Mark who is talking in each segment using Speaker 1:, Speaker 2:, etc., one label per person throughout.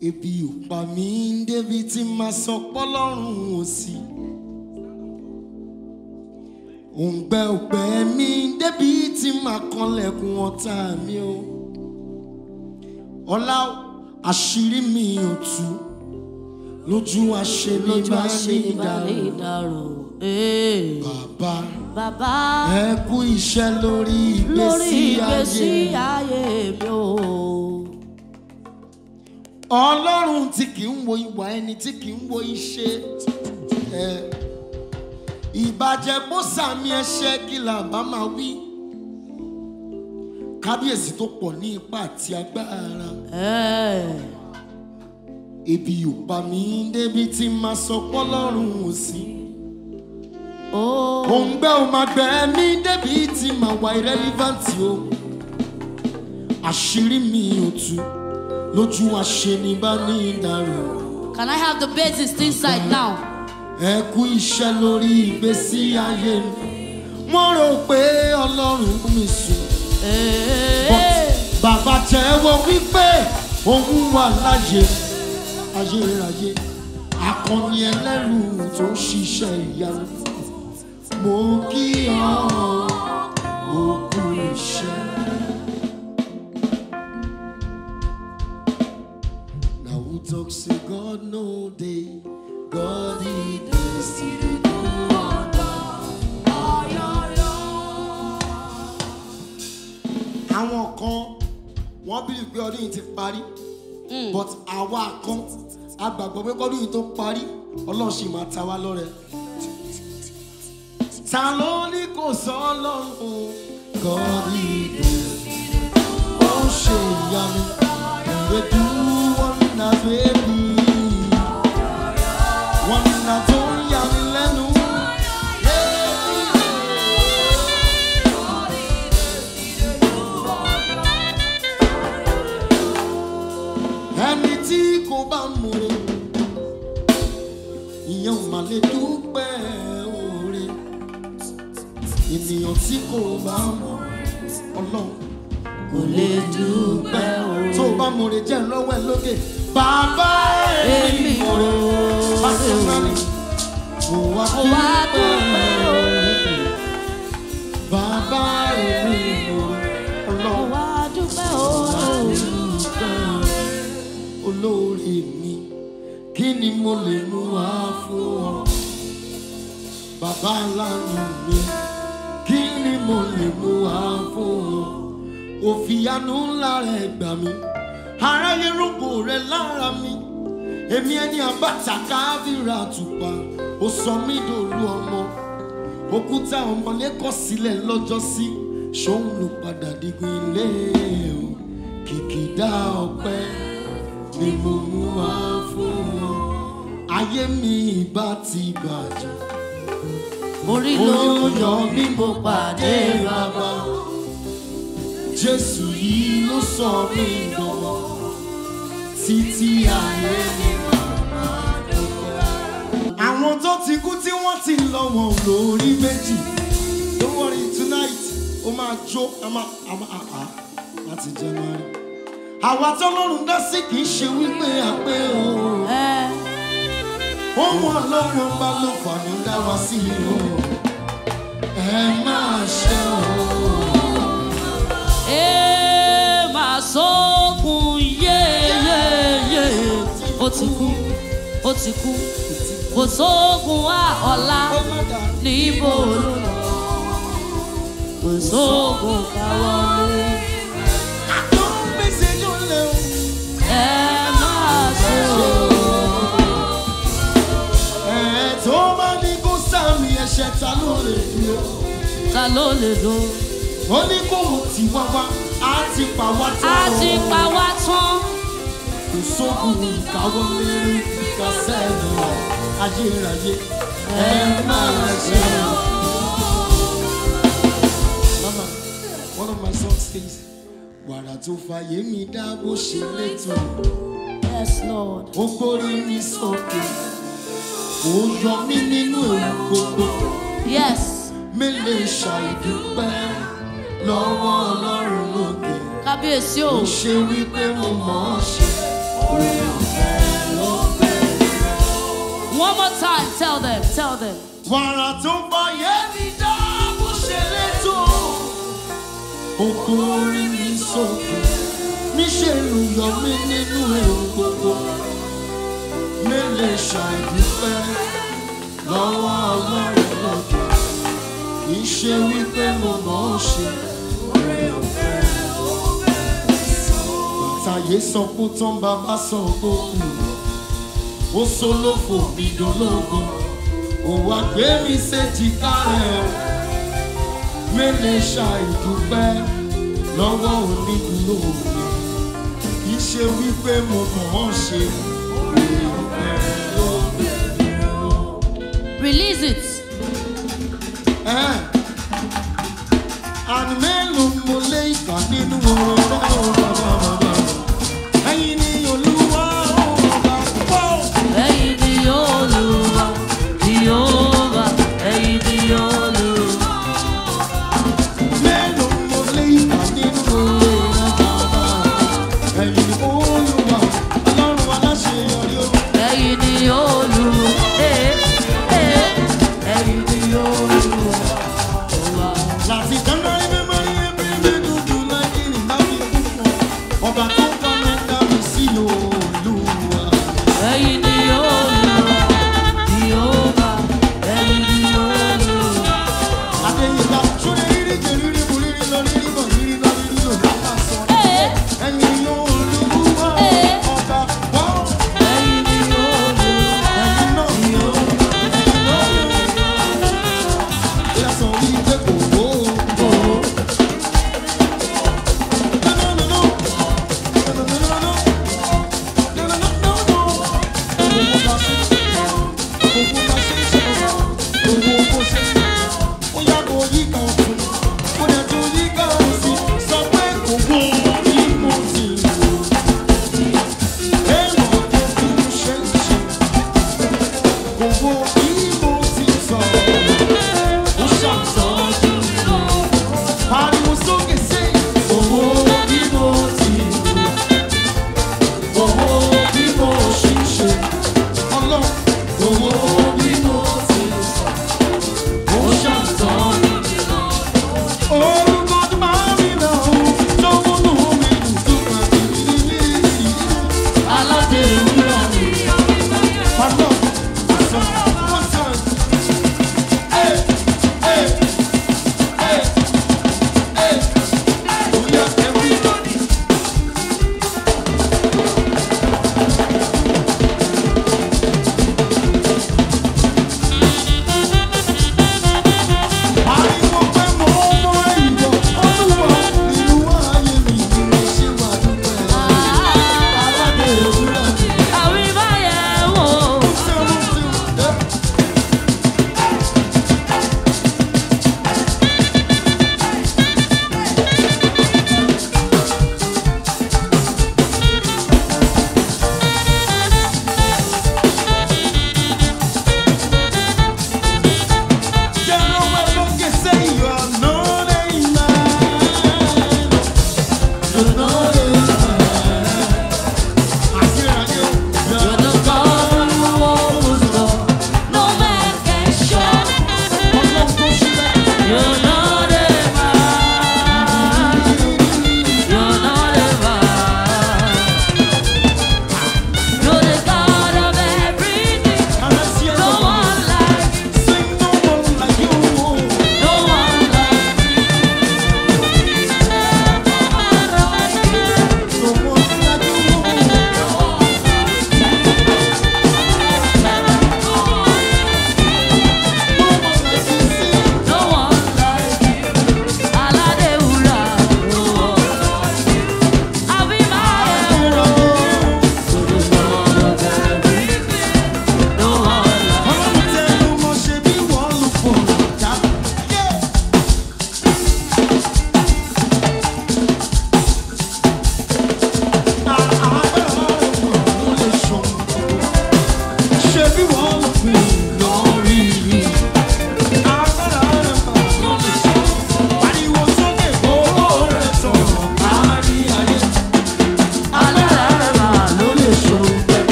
Speaker 1: ebi ò pa mí débi tí màá sọ pọ́lọ́run ò sí. òǹgbẹ ògbẹ mi débi tí màá kanlẹ̀kùn ọ̀tá mi o. ọlá àṣírí mi ò tú lójú àṣebí máa ní ìdárò. bàbá
Speaker 2: bàbá ẹ kú
Speaker 1: iṣẹ́ lórí ìgbésí
Speaker 2: ayé mi o
Speaker 1: ọlọ́run tí kì í wo ìwà ẹni tí kì í wo iṣẹ́ ìbàjẹ́ bó sàmì ẹ̀ṣẹ̀ kí làbá máa wí kábíyèsí tó pọ̀ ní ipa àti agbára ebi ò pa mí débi tí màá sọ pọ́lọ́run ò sí òǹgbẹ́ ò máa gbẹ́ mí débi tí màá wà irrelevant o àṣírí mi ò tú lójú àṣeni bá ní ìdàrú.
Speaker 2: Can I have the basis inside now?
Speaker 1: ẹ kú iṣẹ́ lórí ìgbésí ayé mi mo rò pé ọlọ́run mi sùn. bàbá tẹ́wọ́ wípé òun wà láyé ayérayé akọni ẹlẹ́rù tó ṣiṣẹ́ ìyanu mo kí ọ́. God, He does to do on all your love. Àwọn kan wọ́n bí pé ọdún yìí ti parí. Hmm. But àwa kan a gbàgbọ́ pé kọ́dún yìí tó parí Ọlọ́run sì máa ta wá lọ́rẹ. Ta ló ní kò sọ Ọlọ́run? God, He does. Ó ṣe ìyanu. We do one as we ènìyàn tí kò bá mọ ọlọ́run
Speaker 2: kò lè dúpẹ́ o. tó o bá mọ̀rẹ̀ jẹ́
Speaker 1: lọ́wọ́ ẹ lókè bàbá èmi mọ̀rẹ̀ pásítọ́nì
Speaker 2: kò wá dúpẹ́ o. bàbá èmi mọ̀rẹ̀ ọlọ́run kò wá dúpẹ́
Speaker 1: o. olóore mi kí ni mo lè mú wá fún ọ bàbá ńlá mi mo lè mú wá fún ọ ó ńlá rẹ gbà mí aráyé rògbò rẹ lára mi èmi ẹni àbàtà káfíńrà àtùpà ó sọ mí dòru ọmọ òkúta ọmọlé kọ sílẹ̀ lọ́jọ́ sí ṣóun ló padà digun ilé o kìkìdá ọpẹ́ ni mo mú wá fún ọ ayé mi ìbá ti bàjẹ́ orí ló yọ bí mo pàdé bàbá Jésù yìí ló sọ mí dọwọ títí ayé mi àwọn tó ti kú tí wọ́n ti lọ wọn ò lórí méjì don't worry tonight ó máa jó a máa a máa a láti January. àwa tọ́lọ́run dá sí kì í ṣe wípé àpé o. Eh ohun ọlọ́run bá ló fàánú dá wa sí o ẹ máa ṣe o.
Speaker 2: ẹ máa sọ́kùn yéyéyé ó ti kú ó ti kú kò sóògùn wá ọ̀la níbo kò sóògùn káwọ́.
Speaker 1: ta ló lè dùn. ó ní kóhùn tí wá wá á ti pa wá tán. á ti pa wá tán. kò sóògùn ìkáwọ́ lérí kíkà sẹ́ẹ̀lì ayérayé ẹ máa ṣe. mama one of my songs says wàrà tó fàyè mi dá bó ṣe lẹ́tọ̀.
Speaker 2: yes lord.
Speaker 1: ó gbórí mi sókè ó yọ mí nínú ewu gbogbo. yes mi lè ṣàìdúpẹ́ lọ́wọ́ ọlọ́run lókè.
Speaker 2: kábíyèsí o.
Speaker 1: ṣe wípé mo mọ̀ ọ́ ṣe orí ọ̀fẹ́
Speaker 2: ló fẹ́ o. one more time tell them tell them. wàrà tó ń bọ yẹn dá
Speaker 1: bó ṣe létò. okun orí mi sókè níṣẹ́ ló yọ mí nínú èrò gbogbo. mi lè ṣàìdúpẹ́ lọ́wọ́ ọlọ́run lókè iṣẹ́ wípé mo mọ̀ ọ́ ṣe. orí ọ̀fẹ́ ó sọ. ìtàyé sọ pé tán bàbá sọ pé kù ó sọlọ́fò mi dológo. òwò àgbẹ̀ mi ṣe ti kárẹ̀ o. mélé ṣàìdúpẹ́ lọ́wọ́ onídùúró mi. iṣẹ́ wípé mo mọ̀ ọ́ ṣe.
Speaker 2: Release it àní
Speaker 1: mélòó mo lé ìkà nínú ọ̀rọ̀ rẹ̀ ọ̀rọ̀ rẹ̀.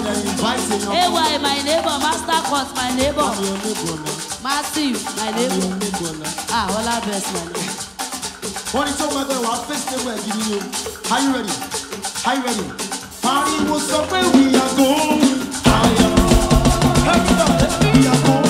Speaker 2: people that invite you now. my neighbor. Master Cut, my neighbor. I'm your neighbor now. Matthew, my neighbor. I'm your neighbor now. Ah, all our best, my neighbor. Wọ́n ní tí ó máa gbé
Speaker 1: wàá fèsì tẹ́gbọ̀ ẹ̀gì nínú. Are you ready? Are you ready? Party Pariwo sọ pé we are gold. Àyà. Everybody, we are gold.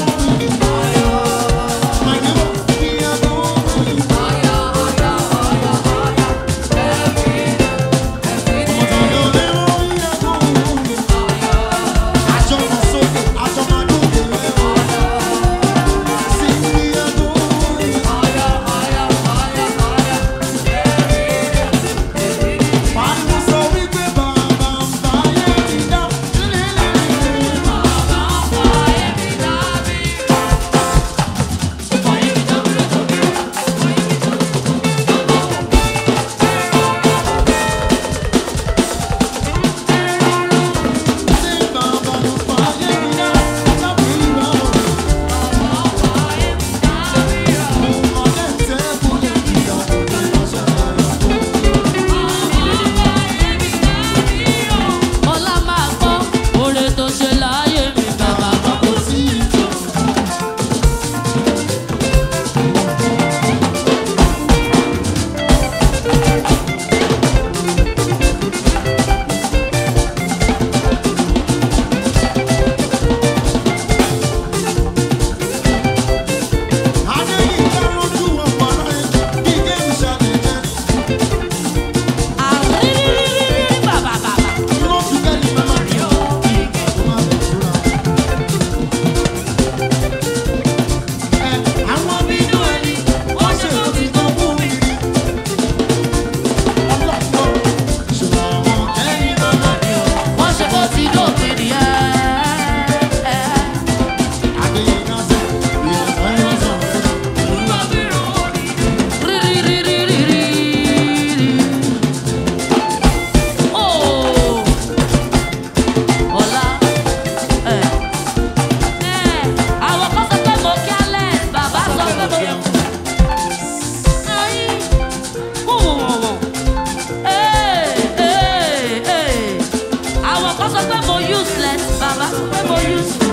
Speaker 2: you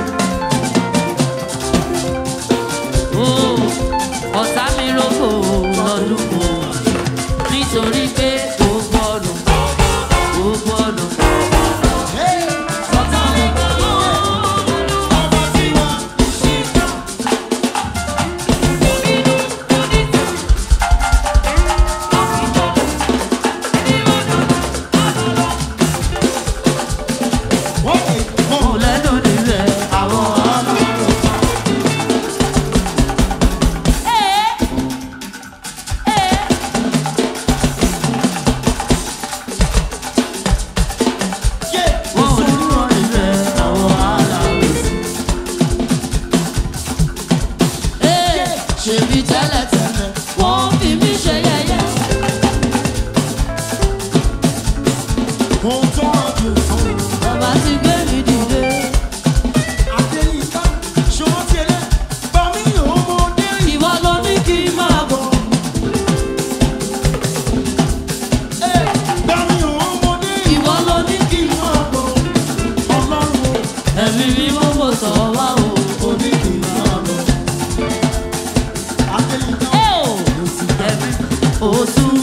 Speaker 2: fosse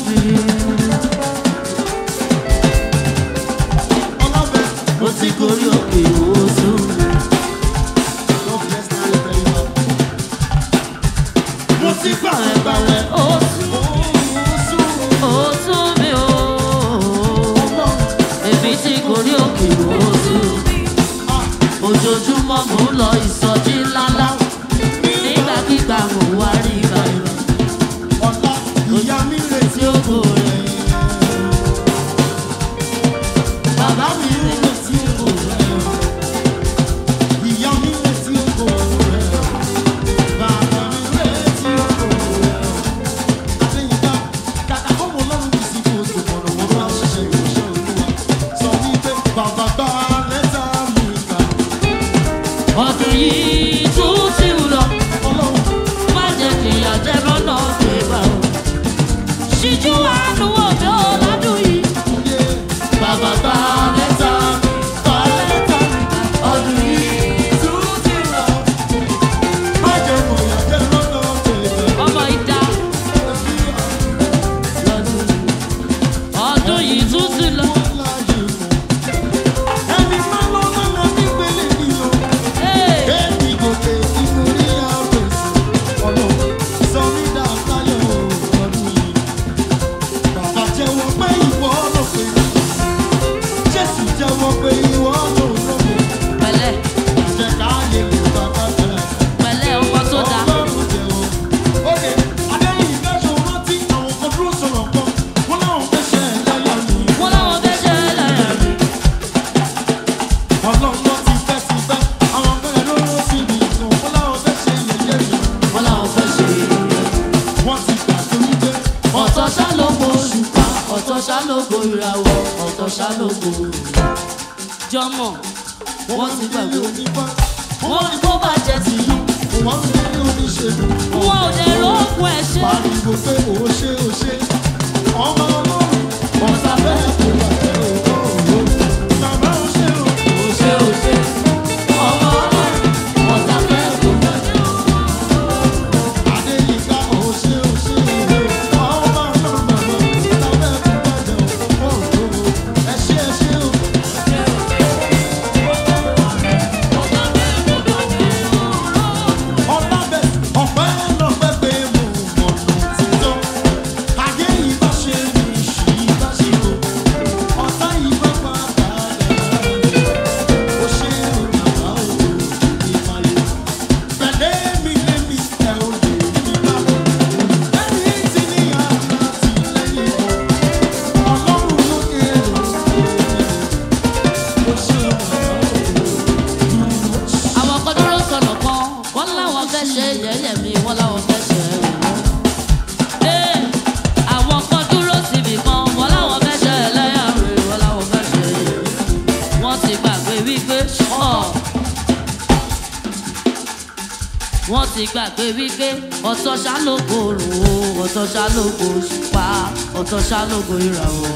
Speaker 2: ṣálógo ìràwọ̀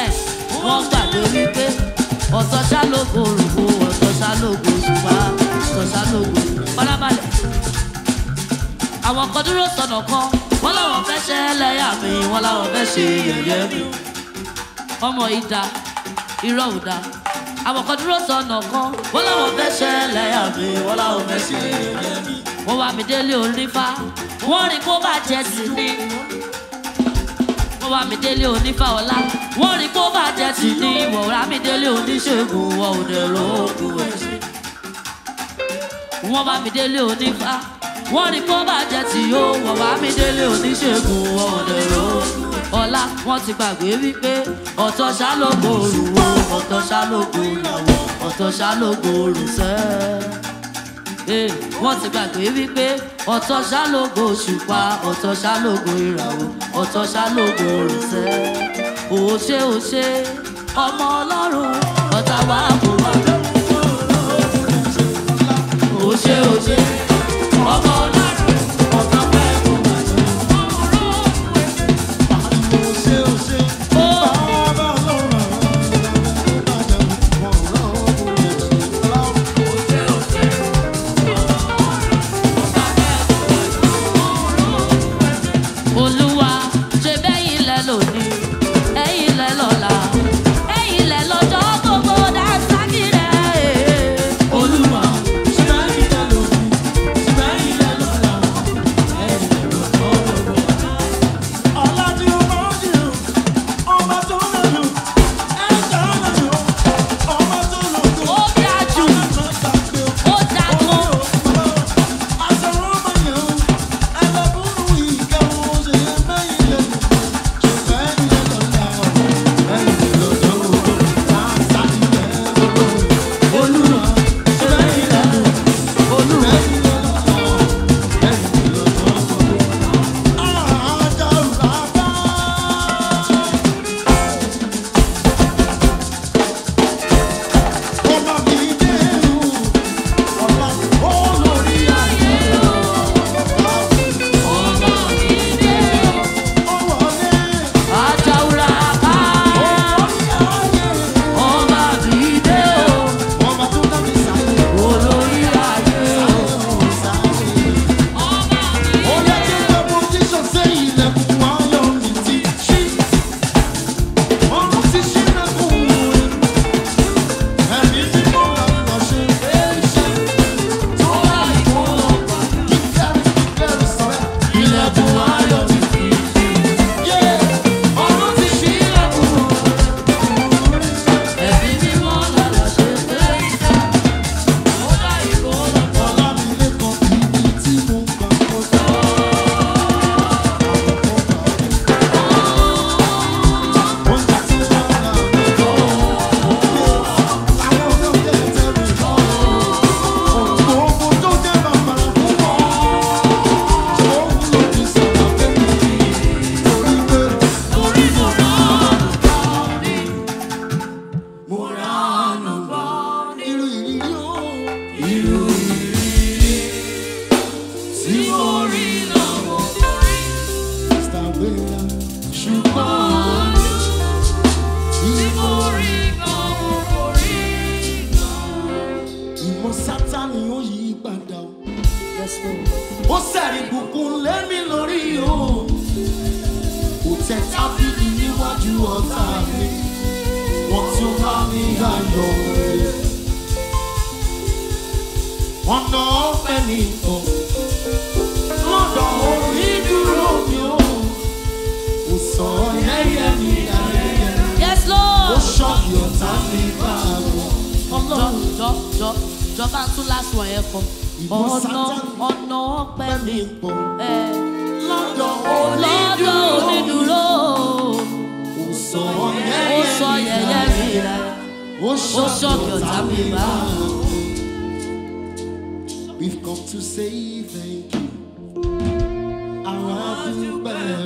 Speaker 2: ẹ̀ wọ́n gbàgbé wípé ọ̀tọ̀ ṣálógo òrùkọ ọ̀tọ̀ ṣálógo òṣùpá ọ̀tọ̀ ṣálógo ọlábàlẹ̀. àwọn kan dúró sọ̀nà kan wọ́n láwọn fẹ́ ṣe ẹlẹ́yà mi wọ́n láwọn fẹ́ ṣe yẹ̀yẹ́ mi ọmọ ìdá irọ́ òdá àwọn kan dúró sọ̀nà kan wọ́n láwọn fẹ́ ṣe ẹlẹ́yà mi wọ́n láwọn fẹ́ ṣe yẹ̀yẹ́ mi wọ́n wá mi délé onífá wọ́n rìn kó bàjẹ́ sí ni wọ́n wá mi délé onífàwọ́lá wọ́n rí kó bàjẹ́ sí ní ìwọ̀ rà mí délé oníṣègùn wọ́n ò dẹ̀ rógùn ẹ̀ sí. wọ́n bá mi délé onífà wọ́n rí kó bàjẹ́ sí ó wọ́n bá mi délé oníṣègùn wọ́n ò dẹ̀ rógùn ọlá wọ́n ti gbàgbé wípé ọ̀tọ̀ ṣálógo òrùwọ́ ọ̀tọ̀ ṣálógo òrùwọ́ ọ̀tọ̀ ṣálógo òrùsẹ́ẹ́. Eh, wọ́n ti gbàgbé wípé ọ̀tọ̀ ṣálógo òṣùpá ọ̀tọ̀ ṣálógo ìràwọ̀ ọ̀tọ̀ ṣálógo òrìṣẹ́ òṣè òṣè ọmọ ọlọ́run ọ̀tá wa kò wá. òṣè òṣè ọmọ ọlọ́run.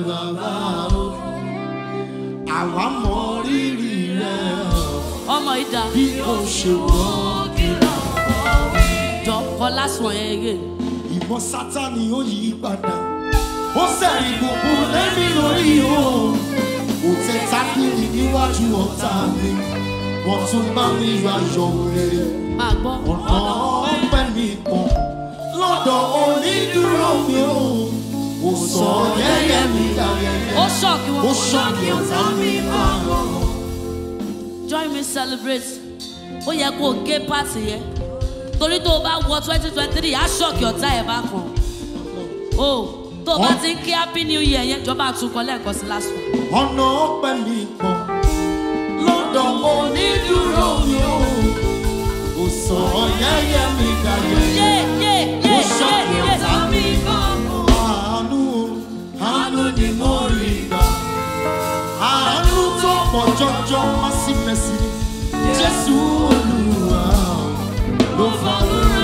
Speaker 1: bàbá o
Speaker 2: àwa mọ rírì rẹ ọmọ ìdá bí o ṣe wọ́ kìlọ̀ ọ̀wé. dọ́kọ̀ lásán yẹn ìmọ̀
Speaker 1: sátani ó yí padà ó sẹ̀rí gbogbo lẹ́mí lórí o kò tẹ tábìlì níwájú ọ̀tá mi wọ́n tún bá mi ayọ̀ rere ọ̀nà ọ̀pẹ mi pọ̀ lọ́dọ̀ onídùúró mi o kò sọ yẹ́yẹ́ mi dayẹyẹ ó
Speaker 2: ṣọ́ọ̀kì wọn kò tán mi join me celebrate ó yẹ kó o gé pààtì yẹ torí tó o bá wọ twenty twenty three á ṣọ́ọ̀kì ọ̀tá ẹ̀ bá kàn o tó o bá ti ń kí happy new year yẹn jọba àtúnkọ lẹ́ẹ̀kan sí last one.
Speaker 1: ọ̀nà ọ̀pẹ mi pọ̀ lọ́dọ̀ onídùúró mi ò kò sọ yẹ́yẹ́ mi dayẹyẹ
Speaker 2: ó ṣọ́ọ̀kì ọ̀tá
Speaker 1: mi pààrọ̀ àánú ni mo rí gbà. àánú tó pọ̀ jọjọ mercy mercy jésù olúwa
Speaker 3: ló fa lórí.